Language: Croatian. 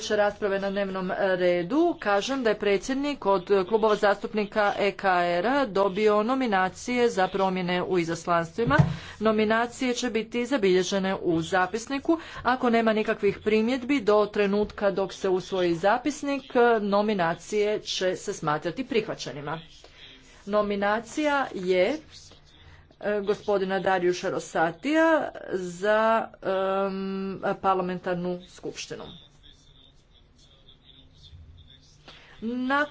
sljedeće rasprave na dnevnom e, redu kažem da je predsjednik od klubova zastupnika ekr dobio nominacije za promjene u izaslanstvima. Nominacije će biti zabilježene u zapisniku. Ako nema nikakvih primjedbi do trenutka dok se usvoji zapisnik, nominacije će se smatrati prihvaćenima. Nominacija je e, gospodina Darjuša Rosatija za parlamentarnu skupštinu. Na